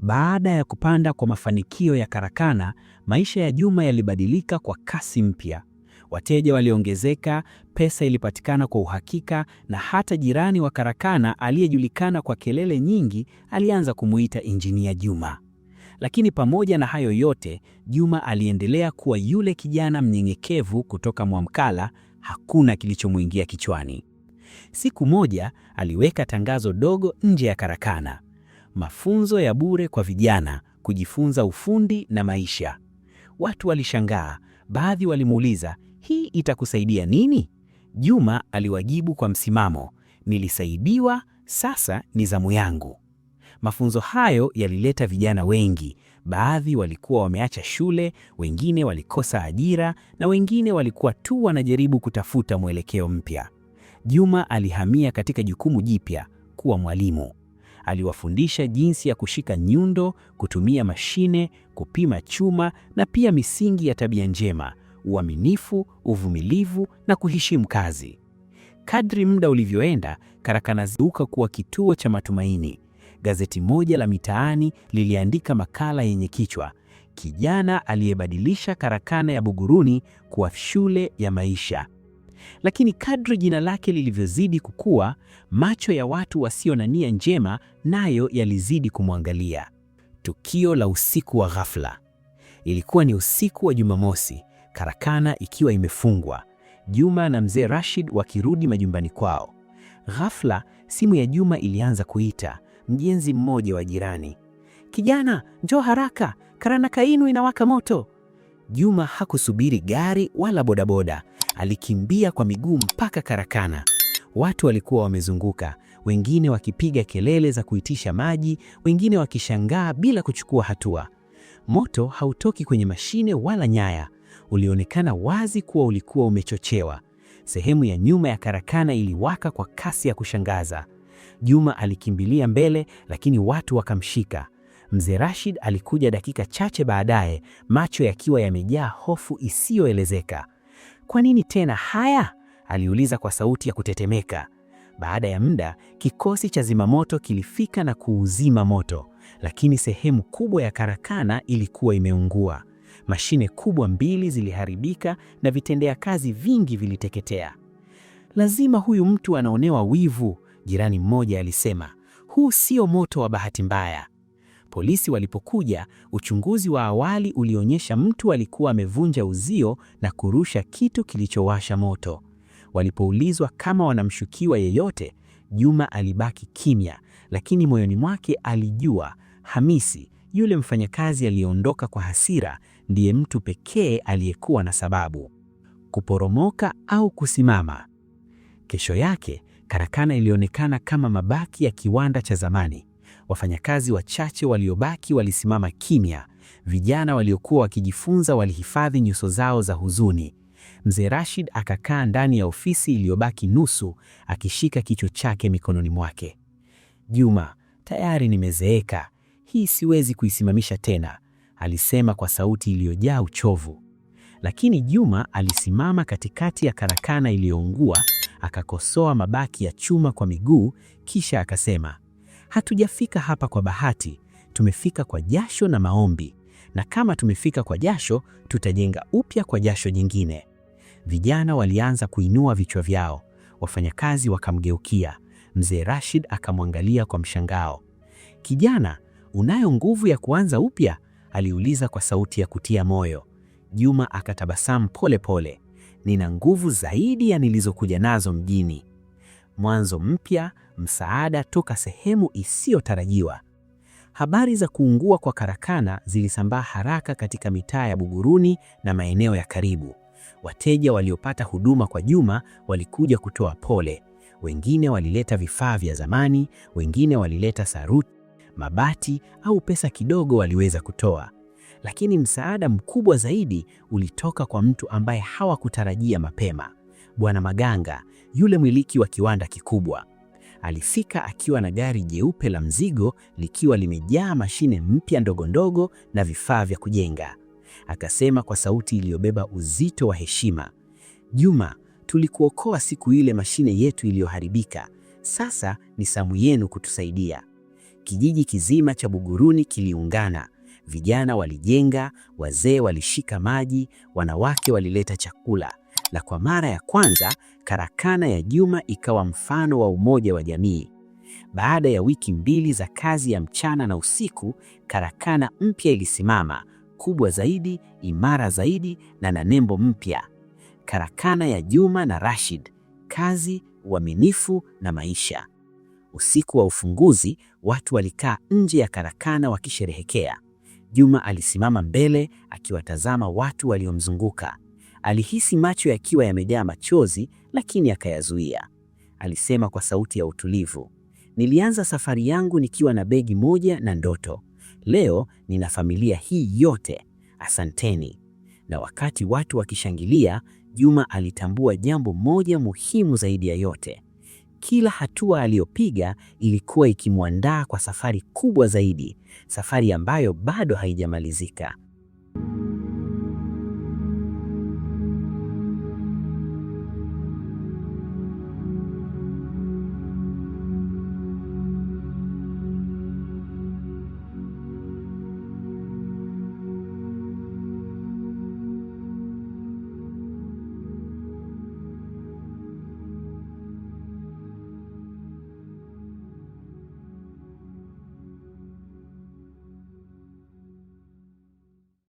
Baada ya kupanda kwa mafanikio ya karakana, maisha ya Juma yalibadilika kwa kasi mpya. Wateja waliongezeka, pesa ilipatikana kwa uhakika, na hata jirani wa karakana aliyejulikana kwa kelele nyingi alianza kumuita Injinia Juma. Lakini pamoja na hayo yote, Juma aliendelea kuwa yule kijana mnyenyekevu kutoka Mwamkala. Hakuna kilichomwingia kichwani. Siku moja aliweka tangazo dogo nje ya karakana mafunzo ya bure kwa vijana kujifunza ufundi na maisha. Watu walishangaa, baadhi walimuuliza, hii itakusaidia nini? Juma aliwajibu kwa msimamo, nilisaidiwa, sasa ni zamu yangu. Mafunzo hayo yalileta vijana wengi. Baadhi walikuwa wameacha shule, wengine walikosa ajira na wengine walikuwa tu wanajaribu kutafuta mwelekeo mpya. Juma alihamia katika jukumu jipya, kuwa mwalimu. Aliwafundisha jinsi ya kushika nyundo, kutumia mashine, kupima chuma na pia misingi ya tabia njema, uaminifu, uvumilivu na kuheshimu kazi. Kadri muda ulivyoenda, karakana ziuka kuwa kituo cha matumaini. Gazeti moja la mitaani liliandika makala yenye kichwa Kijana aliyebadilisha karakana ya Buguruni kuwa shule ya maisha. Lakini kadri jina lake lilivyozidi kukua, macho ya watu wasio na nia njema nayo yalizidi kumwangalia. Tukio la usiku wa ghafla. Ilikuwa ni usiku wa Jumamosi, karakana ikiwa imefungwa. Juma na mzee Rashid wakirudi majumbani kwao. Ghafla simu ya Juma ilianza kuita. Mjenzi mmoja wa jirani, kijana, njoo haraka, karakana inu inawaka moto. Juma hakusubiri gari wala bodaboda, Alikimbia kwa miguu mpaka karakana. Watu walikuwa wamezunguka, wengine wakipiga kelele za kuitisha maji, wengine wakishangaa bila kuchukua hatua. Moto hautoki kwenye mashine wala nyaya, ulionekana wazi kuwa ulikuwa umechochewa. Sehemu ya nyuma ya karakana iliwaka kwa kasi ya kushangaza. Juma alikimbilia mbele, lakini watu wakamshika. Mzee Rashid alikuja dakika chache baadaye, macho yakiwa yamejaa hofu isiyoelezeka. Kwa nini tena haya? aliuliza kwa sauti ya kutetemeka. Baada ya muda, kikosi cha zimamoto kilifika na kuuzima moto, lakini sehemu kubwa ya karakana ilikuwa imeungua. Mashine kubwa mbili ziliharibika na vitendea kazi vingi viliteketea. Lazima huyu mtu anaonewa wivu, jirani mmoja alisema. Huu sio moto wa bahati mbaya. Polisi walipokuja, uchunguzi wa awali ulionyesha mtu alikuwa amevunja uzio na kurusha kitu kilichowasha moto. Walipoulizwa kama wanamshukiwa yeyote, Juma alibaki kimya, lakini moyoni mwake alijua Hamisi, yule mfanyakazi aliyeondoka kwa hasira, ndiye mtu pekee aliyekuwa na sababu. Kuporomoka au kusimama. Kesho yake, karakana ilionekana kama mabaki ya kiwanda cha zamani. Wafanyakazi wachache waliobaki walisimama kimya. Vijana waliokuwa wakijifunza walihifadhi nyuso zao za huzuni. Mzee Rashid akakaa ndani ya ofisi iliyobaki nusu, akishika kichwa chake mikononi mwake. Juma, tayari nimezeeka, hii siwezi kuisimamisha tena, alisema kwa sauti iliyojaa uchovu. Lakini Juma alisimama katikati ya karakana iliyoungua, akakosoa mabaki ya chuma kwa miguu, kisha akasema Hatujafika hapa kwa bahati, tumefika kwa jasho na maombi, na kama tumefika kwa jasho, tutajenga upya kwa jasho nyingine Vijana walianza kuinua vichwa vyao, wafanyakazi wakamgeukia. Mzee Rashid akamwangalia kwa mshangao. Kijana, unayo nguvu ya kuanza upya? aliuliza kwa sauti ya kutia moyo. Juma akatabasamu pole pole. Nina nguvu zaidi ya nilizokuja nazo mjini. Mwanzo mpya, msaada toka sehemu isiyotarajiwa. Habari za kuungua kwa karakana zilisambaa haraka katika mitaa ya Buguruni na maeneo ya karibu. Wateja waliopata huduma kwa Juma walikuja kutoa pole. Wengine walileta vifaa vya zamani, wengine walileta saruti, mabati au pesa kidogo waliweza kutoa. Lakini msaada mkubwa zaidi ulitoka kwa mtu ambaye hawakutarajia mapema. Bwana Maganga, yule mwiliki wa kiwanda kikubwa. Alifika akiwa na gari jeupe la mzigo likiwa limejaa mashine mpya ndogo ndogo na vifaa vya kujenga. Akasema kwa sauti iliyobeba uzito wa heshima, Juma, tulikuokoa siku ile mashine yetu iliyoharibika. Sasa ni samu yenu kutusaidia. Kijiji kizima cha Buguruni kiliungana. Vijana walijenga, wazee walishika maji, wanawake walileta chakula na kwa mara ya kwanza karakana ya Juma ikawa mfano wa umoja wa jamii. Baada ya wiki mbili za kazi ya mchana na usiku, karakana mpya ilisimama, kubwa zaidi, imara zaidi na na nembo mpya. Karakana ya Juma na Rashid: kazi, uaminifu na maisha. Usiku wa ufunguzi, watu walikaa nje ya karakana wakisherehekea. Juma alisimama mbele akiwatazama watu waliomzunguka. Alihisi macho yakiwa yamejaa machozi, lakini akayazuia. Alisema kwa sauti ya utulivu, nilianza safari yangu nikiwa na begi moja na ndoto. Leo nina familia hii yote, asanteni. Na wakati watu wakishangilia, Juma alitambua jambo moja muhimu zaidi ya yote: kila hatua aliyopiga ilikuwa ikimwandaa kwa safari kubwa zaidi, safari ambayo bado haijamalizika.